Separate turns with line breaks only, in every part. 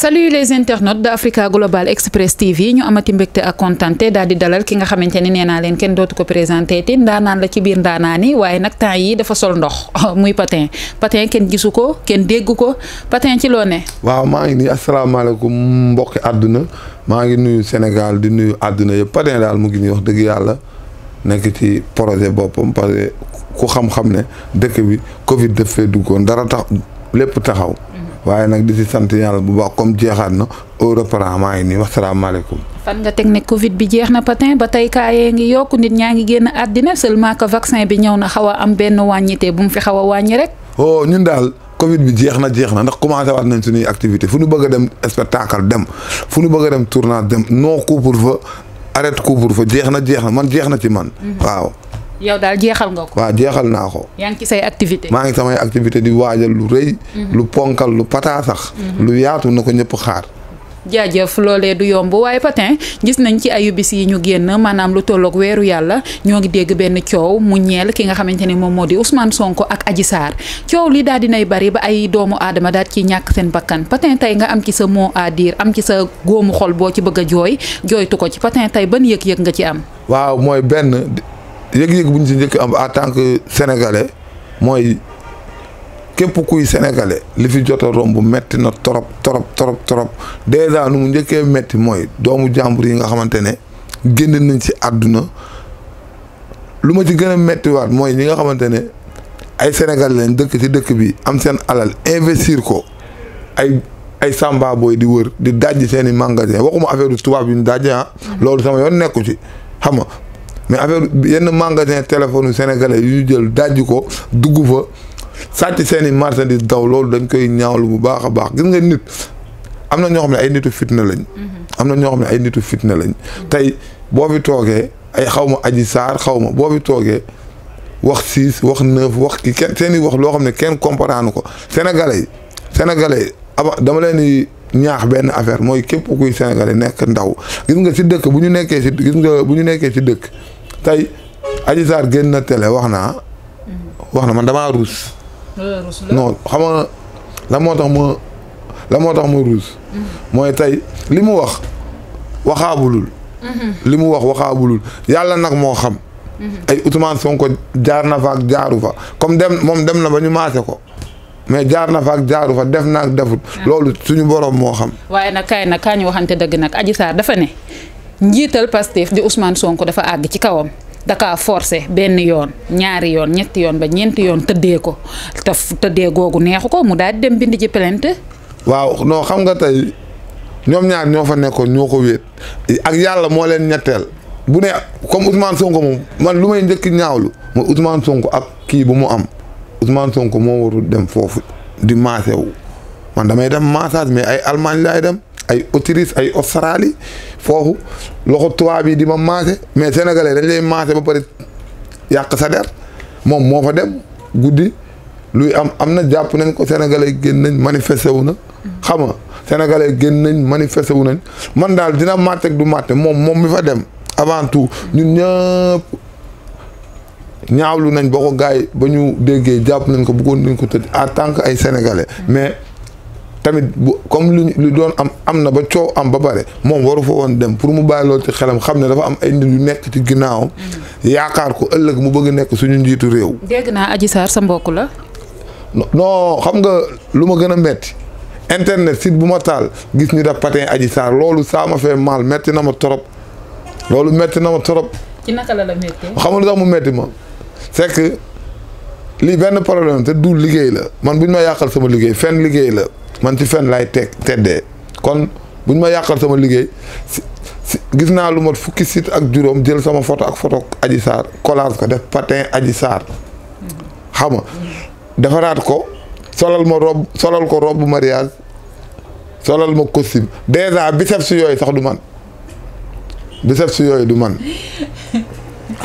salut les internautes d'Africa Global Express TV Nous amati été di dalal ki nga le néna la ci biir nak yi dafa sol ndox muy patin patin kenn Je suis dégguko. patin ci lo né?
waaw ngi Sénégal di nuyu de yëpp patin le. mu ngi wax ci projet parce que ku xam-xam dëkk bi Covid dara waaye nag di si sant yàlla bu baax comme jeexaat na au reprend maa ngi nii wasalaamaaleykum.
fan nga teg ne Covid bi jeex na patin ba tey kaa yee ngi yokku nit ñaa ngi génn àddina seulement que vaccin bi ñëw na xaw a am benn wàññite bu mu fi xaw a wàññi rek.
oh ñun daal. covid bi jeex na jeex na ndax commencé waat nañ suñuy activité fu ñu bëgg a dem spectacle dem fu ñu bëgg a dem tournage dem noo couvre-feu arrête couvre fa jeex na jeex na man jeex na ci man mhm.
yow daal
jeexal nga ko.
waaw jeexal naa ko.
yaa ngi ci activité maa ngi
samay activité di waajal lu rëy. Mhm. lu ponkal lu pataa sax. Mhm. lu yaatu na ko ñëpp xaar.
jaajëf loolee du yomb waaye Patin gis nañ ci ayubis yi ñu génn maanaam lu tollook weeru yàlla ñoo ngi dégg benn coow mu ñeel ki nga xamante ne moom moo di Ousmane Sonko ak Adji Sarr coow li daal dinay bari ba ay doomu aadama daal ci ñàkk seen bakkan Patin tey nga am ci sa mot à am ci sa góomu xol boo ci bëgg a jooy jooytu ko ci Patin tey ban yëg-yëg nga ci am.
yëg-yëg bu ñu si njëkk am en tant que sénégalais mooy képp kuy sénégalais li fi jot a romb metti na trop trop trop trop dèjà nu mu njëkkee metti mooy doomu jàmbur yi nga xamante ne génn nañ si àdduna lu ma ci gën a mettiwaat mooy ñi nga xamante ne ay sénégalais lañ dëkk ci dëkk bi am seen alal investir ko ay ay samba booy di wër di dajj seen i magasin waxuma affaire tubaab yi ñu dajj ah. Mm-hmm. loolu sama yoon nekku ci xam nga mais affaire yenn magasin téléphone yu sénégalais yu jël dajj ko dugg fa sàcc seen i marchandise daw loolu dañ koy ñaawlu bu baax a baax gis nga nit am na ñoo xam ne ay nitu fitna lañ. Mm-hmm. am na ñoo xam ne ay nitu fitna lañ. tey boo fi toogee ay xaw ma aji saar xaw ma boo fi toogee wax six wax neuf wax ki kenn seen wax loo xam ne kenn comprendre ko sénégalais yi sénégalais aba dama leen di ñaax benn affaire mooy képp kuy sénégalais nekk ndaw gis nga si dëkk bu ñu nekkee si gis bu ñu nekkee si dëkk. tey Adji Sarr génn na télé wax naa wax na man damaa ruus non xam nga la moo tax ma la moo tax ruus mooy tey li mu wax waxaabulul li mu wax waxaabulul yàlla nag moo xam ay Ousmane Sonko jaar na fa ak jaaru fa comme dem moom dem na ba ñu maase ko mais jaar na fa ak jaaru fa def na ak defut ah. loolu suñu boroom moo xam
waaye nag kaay nag kaa ñu waxante dëgg nag Adji Sarr dafa ne njiital Pastef di Ousmane Sonko dafa àgg ci kawam dakaa forcé benn yoon ñaari yoon ñetti yoon ba ñeenti yoon tëddee ko te tëddee googu neexu ko mu daal di dem bind ci plainte.
waaw noo xam nga tey ñoom ñaar ñoo fa nekkoon ñoo ko wéet ak yàlla moo leen ñetteel bu ne comme Ousmane Sonko moom man lu may njëkk ñaawlu mooy Ousmane Sonko ak kii bu mu am Ousmane Sonko moo warul dem foofu di maase wu man damay dem massage mais ay almaañ laay dem. ay Autriche ay Australie foofu loxo tubaab yi di ma maase mais sénégalais dañ lay maase ba pare yàq sa der moom moo fa dem guddi luy am am na jàpp nañ ko sénégale génn nañ manifesté wu na. xam nga sénégalais génn nañ manifesté wu nañ man daal dina màtte ak du màtte moom moom mi fa dem avant tout ñun ñëpp ñaawlu nañ boo ko gars yi ba ñu déggee jàpp nañ ko bëggoon nañ ko tëdd en tant que ay sénégalais tamit bu comme lu lu doon am am na ba coow am ba bare moom waru fa woon dem pour mu bàyyi loolu ci xelam xam ne dafa am ay nit yu nekk ci ginnaawam. Mm-hmm. yaakaar ko ëllëg mu bëgg nekk suñu njiitu réew.
dégg naa Adji Sarr sa mbokk la.
non xam nga lu ma gën a metti internet sit bu ma taal gis ñu def patin Adji Sarr loolu saa ma fee maal metti na ma torop loolu metti na ma torop. ci naka mu metti ma c'est que lii benn problème te du liggéey la man bu ñu ma yàqal sama liggéey fenn liggéey la. man ci fen laay teg teddee kon buñ ma yàqal sama liggéey gis naa lu mat fukki site ak juróom jël sama photo ak photo aji saar collage ko def patin aji saar xam nga defaraat ko solal ma rob solal ko robe mariage solal ma costume dèjà si yooyu sax du man biceps yooyu du man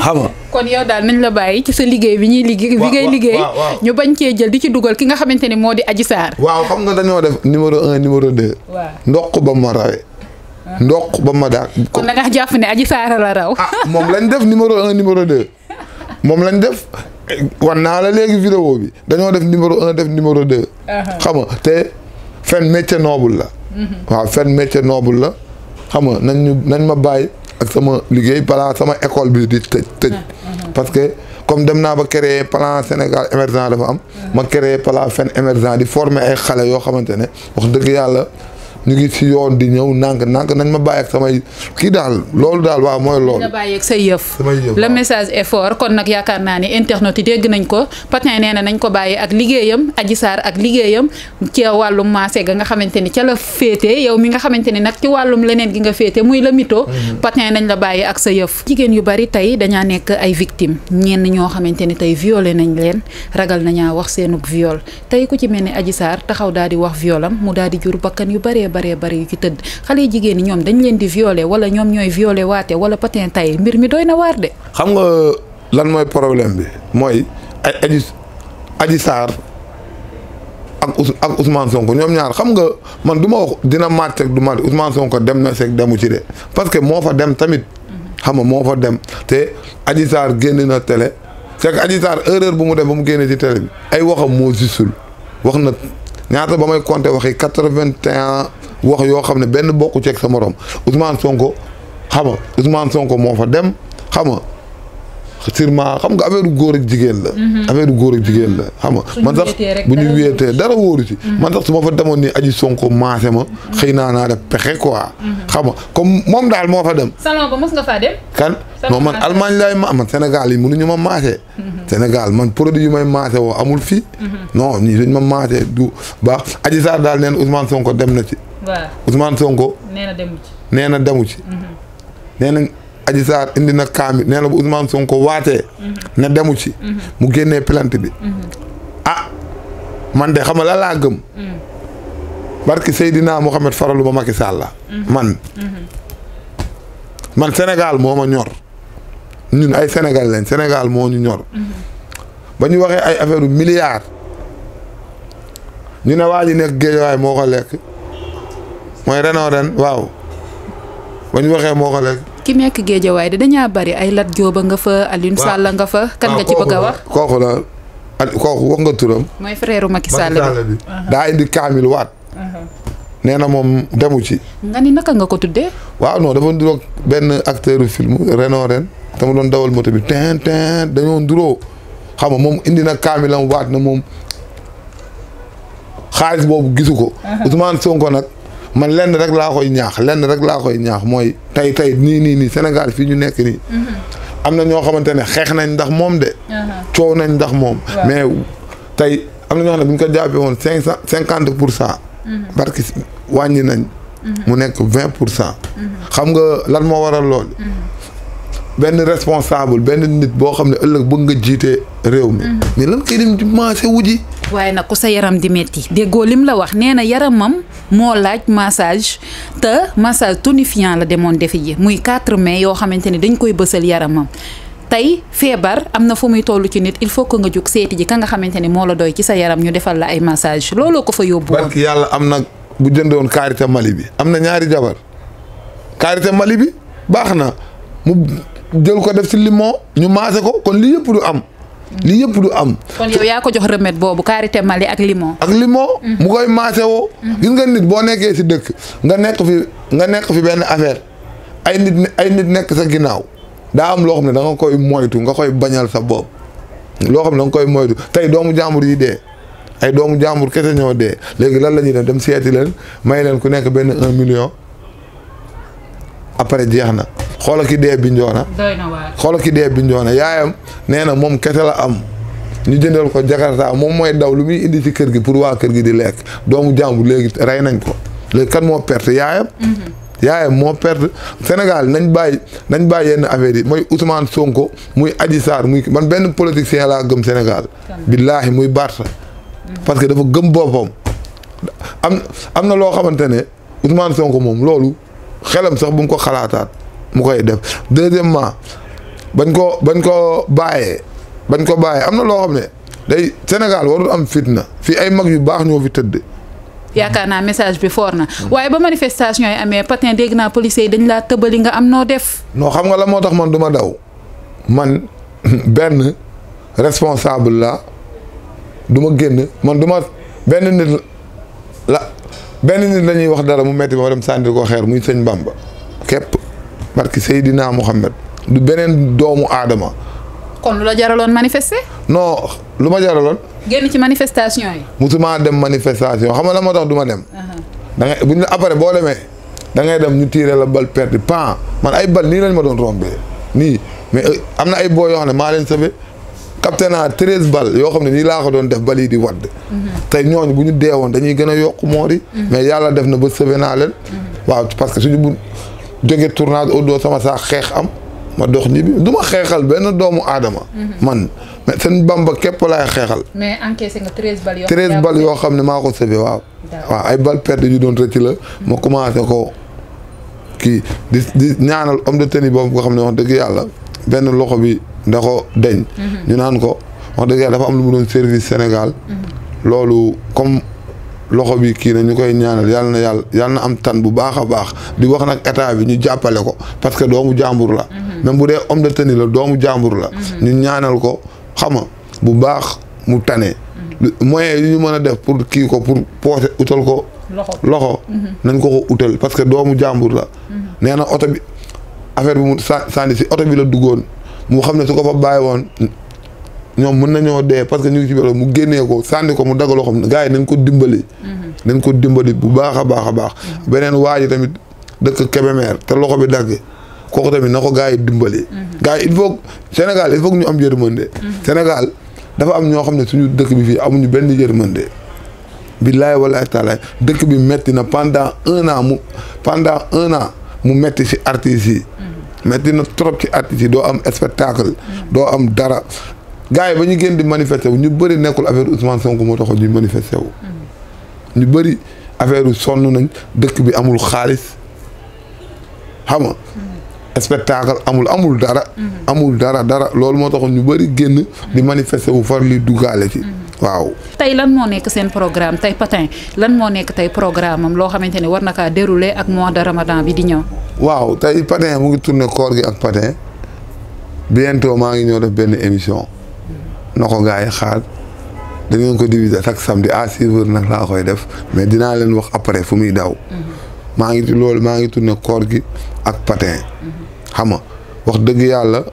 xam
kon yow daal nañ la bàyyi ci sa liggéey bi ñuy liggéey bi ngay liggéey ñu bañ cee jël di ci dugal ki nga xamante ni moo di Adji Sarr
waaw xam nga dañoo def numéro un numéro deux waaw ndox ba ma rawee ah. ndox ba kon
da nga jàpp ne Adji Sarr la raw ah, moom
lañ def numéro un numéro deux moom lañ def wan naa la léegi vidéo bi dañoo def numéro un def numéro deux ah. xam nga te fen métier noble la mhm. waaw fen métier noble la xam nga nañ nañ ma bàyyi ak sama liggéey balaa sama école bi di tëj tëj parce que comme dem naa ba créer plan Sénégal émergent dafa am ma créer plan fen émergent di former ay xale yoo xamante ne wax dëgg yàlla ñu ngi ci yoon di nang nànk nànk nañ ma bàyyi ak samay kii daal loolu daal waaw mooy loolu. nga
ak le message est fort kon nag yaakaar naa ne internet yi dégg nañ ko Pathin nee na nañ ko bàyyi ak liggéeyam Adji Sarr ak liggéeyam ci wàllum maase ga nga xamante ni la féete yow mi nga xamante ni ci wàllum leneen gi nga féete muy la mito. Mhm. Pathin nañ la ak sa yëf. jigéen yu bari tey dañaa nekk ay victimes ñenn ñoo xamante ni violé nañ leen ragal nanya wax senuk viol tay ku ci mel ni Adji taxaw daal di wax violam mu daal di jur bakkan yu baree bari yu ci tëdd xale yu jigéen ñi ñoom dañ leen di violer wala ñoom ñooy violer waate wala patin tay mbir mi doy na waar de.
xam nga lan mooy problème bi mooy ay Adji Adji Sarr ak Ous ak Ousmane ñoom ñaar xam nga man du ma wax dina màcc ak du màcc Ousmane Sonko demu ci de parce que moo fa dem tamit. xam nga moo fa dem te Adji Sarr génn na télé c'est que Adji Sarr bu mu def ba mu génnee ci télé bi ay waxam moo gisul wax na ñaata ba may compter waxi quatre vingt wax yo xamne ben bokku ci ak sa morom Ousmane Sonko xama Ousmane Sonko mo fa dem xama xirma xam nga affaire góor ak jigéen la. affaire góor ak jigéen la xama man sax bu ñu wéetee dara wóoru ci. man sax su fa demone ni aji Sonko mase ma. xeyna na naa def pexe quoi. xama comme mom dal mo fa dem.
salon ba mos nga fa dem.
kan non man Allemagne lay ma man Sénégal yi mënuñu ñuma mase Sénégal man produit yu may mase wo amul fi non ñii duñ ma maase du ba aji sar dal neen Ousmane Sonko dem na ci. waaw Ousmane Sonko. nee na demu ci. nee na demu ci. Mhm. indi na kaam bi bu Ousmane Sonko waatee. Mhm. na demu ci. Mhm. mu génnee plante bi. ah man de xam nga la laa gëm. barki Seydina Mohamed faralu ba Macky la man man Sénégal moo ma ñor ñun ay Sénégal lañ Sénégal moo ñu ñor ba ñu waxee ay affaire u milliards ñu ne waa ji nekk géejawaay moo ko lekk mooy renoo ren waaw ba ñu waxee moo ko lekk.
ki nekk géejawaay de dañaa bari ay Lat Diop nga fa Alioune a nga fa. kan nga ci bëgg a wax
la kooku wax nga turam.
mooy frère Macky
Sall bi daa indi kaamil waat. nee na moom demu ci.
nga ni naka nga ko tuddee.
waaw non dafa nduroog benn acteur film renoo ren te mu doon dawal moto bi ten ten dañoo nduroo xam moom indi na kaamilam waat na moom xaalis boobu gisu ko. Ousmane Sonko nag. man lenn rek laa koy ñaax lenn rek laa koy ñaax mooy tey tey nii nii nii Sénégal fii ñu nekk nii.
Mm-hmm.
am na ñoo xamante ne xeex nañ ndax moom de. Uh-huh. coow nañ ndax moom. mais tey am na ñoo xam ne bu ñu ko jàppee woon cinq cent cinquante pour cent. parce mm-hmm. que wàññi nañ. Mm-hmm. mu nekk vingt pour cent. xam nga lan moo waral lool. benn responsable benn nit boo xam ne ëllëg bëgg nga jiite réew mi. Mhm. mais lan koy
dem di waaye nag ku sa yaram di metti déggoo lim la wax nee na yaramam moo laaj massage te massage fian la demoon defi ji muy 4 mai yoo xamante ne dañ koy bësal yaramam. tey feebar am na fu muy toll ci nit il faut que nga jug seeti ji ka nga xamante ne moo la doy ci sa yaram ñu defal la ay massage looloo ko fa yóbbu. barki
yàlla am nag bu jëndoon Carité Mali bi am na ñaari jabar jël ko def si limon ñu maase ko kon lii yëpp du am. li yëpp du am.
kon yow yaa ko jox remède boobu karité Mali ak limon.
ak limon. Mm-hmm. mu koy maase woo. Mm-hmm. gis nga nit boo nekkee si dëkk nga nekk fi nga nekk fi benn affaire ay nit ay nit nekk sa ginnaaw daa am loo xam ne da nga koy moytu nga koy bañal sa bopp. loo xam ne da koy moytu tey doomu jàmbur yi dee ay doomu jàmbur kese ñoo dee léegi lan la ñuy def dem seeti leen may leen ku nekk benn un million après jeex na. xoola ki dee binjoona xoola ki dee binjoona yaayam nee na moom kese la am ñu jëndal ko jakarta moom mooy daw lu muy indi ci kër gi pour waa kër gi di lekk doomu jàmbur léegi rey nañ ko léegi kan moo perte yaayam mhm. yaayam moo perte Sénégal nañ bàyyi nañ bàyyi yenn affaire yi mooy Ousmane Sonko muy aji saar muy man benn politicien laa gëm Sénégal billaahi muy Barth mhm. parce que dafa gëm boppam am na loo xamante ne Ousmane Sonko moom loolu xelam sax bu mu ko xalaataat mu koy def deuxièmement bañ koo bañ koo bàyyee bañ ko bàyyee am na loo xam ne day Sénégal warul am fitna fii ay mag yu baax ñoo fi tëdd.
yaakaar naa message bi fort na. waaye ba manifestation yi amee Patin dégg naa policiers yi dañ laa tëbali nga am noo def.
noo xam nga la moo tax man du daw man benn responsable la duma génn man duma ma benn nit la benn nit la wax dara mu metti ba ma dem sànni ko xeer muy sëñ Bamba képp. parce que Seydina Mouhamed du beneen doomu aadama.
kon lu la jaraloon manifester.
non lu ma jaraloon.
génn ci manifestation yi.
musuma dem manifestation xam nga la moo tax du ma dem. da ngay bu ñu après boo demee da ngay dem ñu tiire la bal perte pan man ma doon rombee euh, na ay boo yoo xam ne maa leen sabe capté naa treize bal yoo xam ne nii laa ko doon def bal yi di wadd mhm. tey ñooñu bu ñu deewoon dañuy gën a yokk moor yi mhm. mais yàlla def na ba sabe naa leen. Mhm. waaw parce que suñu bu jóge tournage au dos sama saa xeex am ma dox ñibbi du xeexal benn doomu aadama. Mhm. man mais seen bamba képp laay xeexal.
mais encaissé yoo.
xam ne maa ko sëbee waaw. waaw ay balles perdues yu doon rëcc la. Mhm. ma commencé ko kii di di ñaanal homme de tenue boobu nga xam ne wax dëgg yàlla benn loxo bi da ko deñ. Mhm. ñu naan ko wax dëgg yàlla dafa am lu mu doon service Sénégal. loolu comme. loxo bi kii na ñu koy ñaanal yàlla na yàlla yàlla na am tan bu baax a baax di wax nag état bi ñu jàppale ko parce que doomu jàmbur la. Mhm. même bu dee homme de tenue la doomu jàmbur la. Mhm. ñu ñaanal ko xam nga bu baax mu tane. Mhm. moyen yi ñu mën a def pour kii ko pour poose utal ko. loxo nañ ko ko utal parce que doomu jàmbur la. nee na oto bi affaire bi mu sànni si oto bi la duggoon mu xam ne su ko fa bàyyi woon ñoom mën nañoo dee parce que ñu ngi ci biir mu génnee ko sànni ko mu dagaloo xam ne gars yi nañ ko dimbali. Mm-hmm. nañ ko dimbali bu baax a baax a baax. Mm-hmm. beneen waa ji tamit dëkk Kébémer te loxo bi dagg kooku tamit na ko gars yi dimbali. Mm-hmm. gars yi il faut Sénégal il faut que ñu am yërmande. Sénégal dafa am ñoo xam ne suñu dëkk bi fii ñu benn yërmande. billaay walaay taalaay dëkk bi metti na pendant un mu pendant un an mu metti ci artistes yi. metti na trop ci artistes yi doo am spectacle. doo am dara gars yi ba ñu génn di manifester wu ñu bëri nekkul affaire Ousmane Sonko moo taxoon ñuy manifester wu.
Mm-hmm.
ñu bëri affaire yu sonn nañ dëkk bi amul xaalis xam nga
mm-hmm.
spectacle amul amul dara. Mm-hmm. amul dara dara loolu moo taxoon ñu bëri génn. di manifester wu far li duggaale ci. waaw.
tey lan moo nekk seen programme tey Patin lan moo nekk tey programme am loo xamante ne war na kaa dérouler ak mois de ramadan bi di ñëw.
waaw tey Patin mu ngi tourné koor gi ak Patin bientôt maa ngi ñëw def benn émission. na ko gars yi xaar da ko diviser chaque samedi à six heures nag laa koy def mais dinaa leen wax après fu muy daw. Mhm. maa ngi loolu maa ngi ne koor gi ak patin. Mhm. xam nga wax dëgg yàlla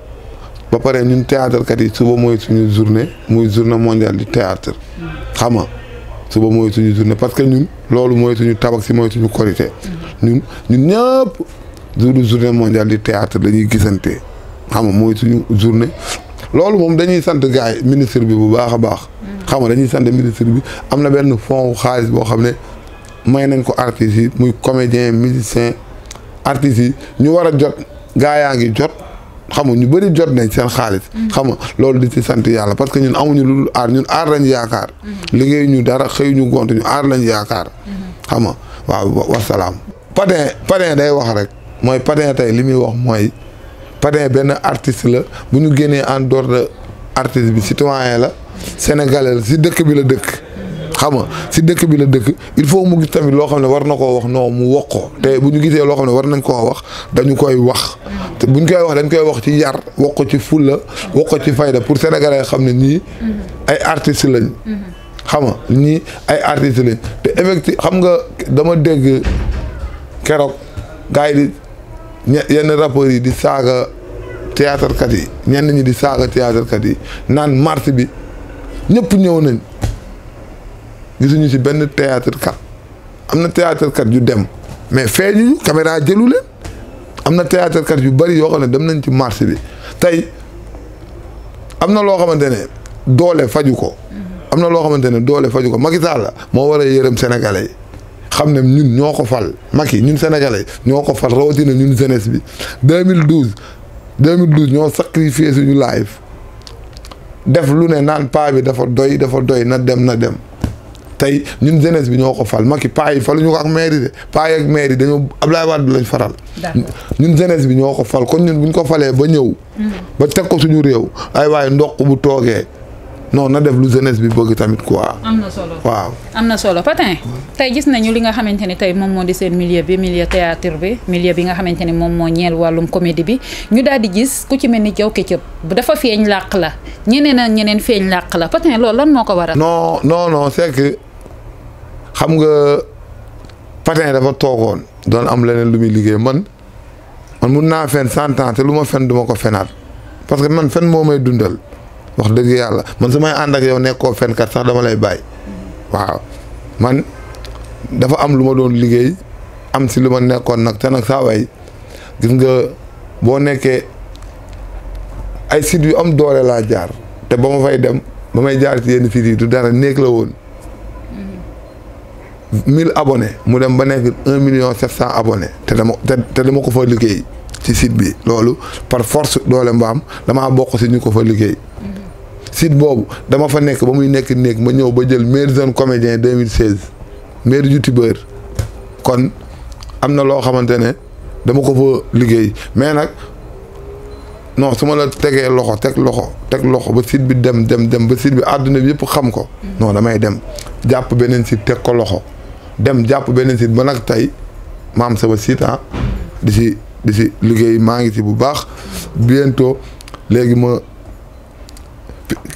ba pare ñun théâtre kat yi suba mooy suñu journée muy journée mondiale du théâtre. Mhm. xam nga suba mooy suñu journée parce que ñun loolu mooy suñu tabax si mooy suñu korité. ñun ñun ñëpp jour journée mondiale di théâtre la ñuy gisante. xam nga mooy suñu journée loolu moom dañuy sant gars yi ministre bi bu baax a baax. xam nga dañuy sant ministre bi am na benn fond xaalis boo xam ne may nañ ko artistes yi muy comédien musicien artistes yi ñu war a jot gars yaa ngi jot. xamu ñu bëri jot nañ seen xaalis. Mm-hmm. xam nga loolu di ci sant yàlla parce que ñun amuñu lu aar ñun aar lañ yaakaar. Mm-hmm. liggéey ñu dara xëyuñu ñu aar lañ yaakaar. Mm-hmm. xam nga waaw wasalaam. Patin Patin day wax rek mooy Patin tey li muy wax mooy. parrain benn artiste la bu ñu génnee en dehors de artiste bi citoyen la sénégalais la si dëkk bi la dëkk xam nga si dëkk bi la dëkk il faut mu gis tamit loo xam ne war na koo wax non mu wax ko te bu ñu gisee loo xam ne war nañ koo wax dañu koy wax te buñ koy wax dañ koy wax ci yar wax ci fulla wax ko ci fayda pour sénégalais xam ne ñii ay artistes lañ xam nga ñii ay artistes lañ te effectivement xam nga dama dégg keroog gars yenn rappeurs yi di saaga théâtre kat yi ñenn ñi di saaga théâtre kat yi naan mars bi ñëpp ñëw nañ gisuñu ci benn théâtre kat am na théâtre kat yu dem mais feeñuñu caméra jëlu leen am na théâtre kat yu bari yoo xam ne dem nañ ci mars bi tey am na loo xamante ne doole faju ko am na loo xamante ne doole faju ko Macky Sall la moo war a yërëm sénégalais yi xam ne ñun ñoo ko fal Macky ñun sénégalais ñoo ko fal rawatina ñun jeunesse bi 2012 2012 ñoo sacrifié suñu life def lu ne naan paa bi dafa doy dafa doy na dem na dem tey ñun jeunesse bi ñoo ko fal Macky paa yi faluñu ko ak mairie de paa yi ak mairie dañoo Abdoulaye Wade lañ faral. ñun jeunesse bi ñoo ko fal kon ñun buñ ko falee ba ñëw. Mm-hmm. ba teg ko suñu réew ay waaye ndox bu toogee. non na def lu jeunesse bi bëgg tamit quoi. amna solo waaw.
amna solo patin tay gis nañu li nga xamanteni tay mom mo di seen milieu bi milieu théâtre bi milieu bi nga xamanteni mom mo moo ñeel wàllum comédie bi ñu daal di gis ku ci melni ni Diaw bu dafa feñ laq la ñeneen ak ñeneen feñ laq la patin lool lan moko ko waral. non
non non c'est que xam nga patin dafa togon doon am leneen lu mi liggéey man man mun naa fen 100 ans te lu ma fen duma ko fenaat parce que man fen moo may dundal. wax dëgg yàlla man su may ànd ak yow nekkoo fenkat sax dama lay bàyyi waaw man dafa am lu ma doon liggéey am si lu ma nekkoon nag te nag saa gis nga boo nekkee ay sites yu am doole laa jaar te ba ma fay dem ba may jaar ci yenn sites yi du dara néeg la woon mille abonnés mu dem ba nekk un million sept cent abonnés te dama te dama ko fa liggéey ci site bi loolu par force doole mbaam am bokk si ñu ko fa liggéey site boobu dama fa nekk ba muy nekk néeg ma ñëw ba jël meilleur jeune comédien 2016 meilleur youtubeur kon am na loo xamante ne dama ko fa liggéey mais nag non su ma la tegee loxo teg loxo teg loxo ba site bi dem dem dem ba site bi àdduna bi yëpp xam ko mm. noo damay dem jàpp beneen site teg ko loxo dem jàpp beneen site ba nag tey ma am sama site ah di si di si liggéey maa ngi si bu baax bientôt léegi ma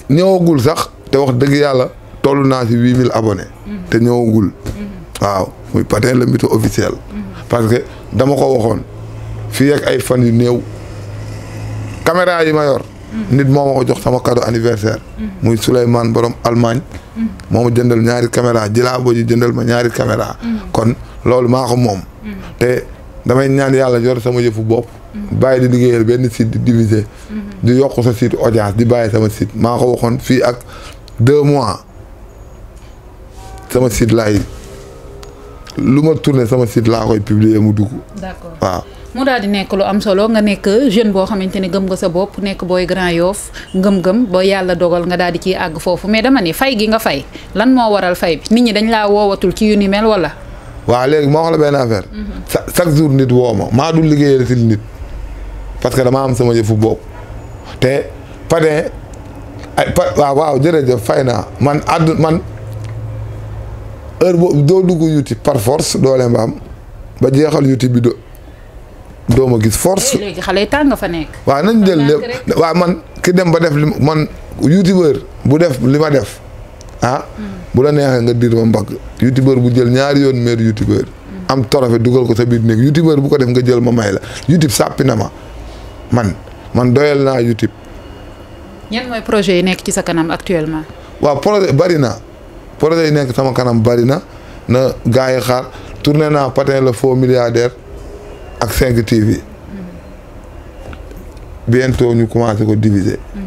ñëwagul sax te wax dëgg yàlla toll naa si huit mille abonnés. Mhm. te ñëwagul. Mhm. waaw muy Patin le mytho officiel. Mhm. parce que dama ko waxoon fii ak ay fan yu néew caméra yi ma yor. nit moo ma ko jox sama cadeau anniversaire. muy Souleymane borom Allemagne. moo ma jëndal ñaari caméra jilaa bo ji jëndal ma ñaari caméra kon loolu maa ko moom. te damay ñaan yàlla yor sama yëfu bopp. Mm-hmm. bàyyi di liggéeyal benn site di diviser. Mm-hmm. di yokk sa site audience di bàyyi sama site maa ko waxoon fii ak deux mois sama site ma tourné sama site laa koy publier mu dugg. d'accord waaw.
mu daal di nekk lu am solo nga nekk jeune boo xamante ne gëm nga sa bopp nekk booy Grand Yoff ngëm-ngëm ba yàlla dogal nga daal di ciy àgg foofu mais dama ni fay gi nga fay lan moo waral fay bi nit ñi dañ laa woowatul ci yu ni mel wala.
waa léegi ma wax la benn affaire. Mhm. chaque jour nit woo ma maa dul liggéeyal si nit. parce que dama am sama yëfu bopp te Patin waaw waaw jërëjëf fay naa man àdd man heure boobu doo dugg YouTube par force doole leen ba am ba jeexal YouTube bi doo ma gis force. Eh, léegi xale nañ jël lépp waaw man ki dem ba def li man youtubeur bu def li ma def. ah bu la neexee nga diir ma mbagg youtubeur bu jël ñaari yoon meer youtubeur am trophée dugal ko sa biir néeg youtubeur bu ko def nga jël ma may la youtube sàppi na ma man man doyal naa youtube
ñan mooy projet yi nekk ci sa kanam
actuellement waaw projet bari na projet yi nekk sama kanam bari na na gars yi xaar tourné naa patin le faux milliardaire ak 5 TV mm-hmm. bientôt ñu commencé ko diviser mm-hmm.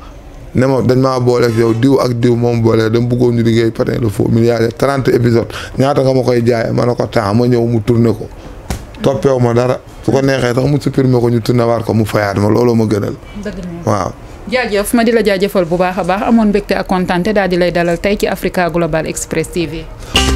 ne ma dañ maa booleeg yow diw ak diw moom boole dama bëggoon ñu liggéey Patin le Faux Milliardaire trente épisodes ñaata nga ma koy jaay ma ne ko temps ma ñëw mu tourné ko toppeewu ma dara su ko neexee tax mu supprimer ko ñu tourné waat ko mu fayaat ma looloo ma gënal. dëgg waaw.
jaajëf ma di la jaajëfal bu baax a baax amoon mbégte ak kontaan daa daal di lay dalal tey ci Africa Global Express TV.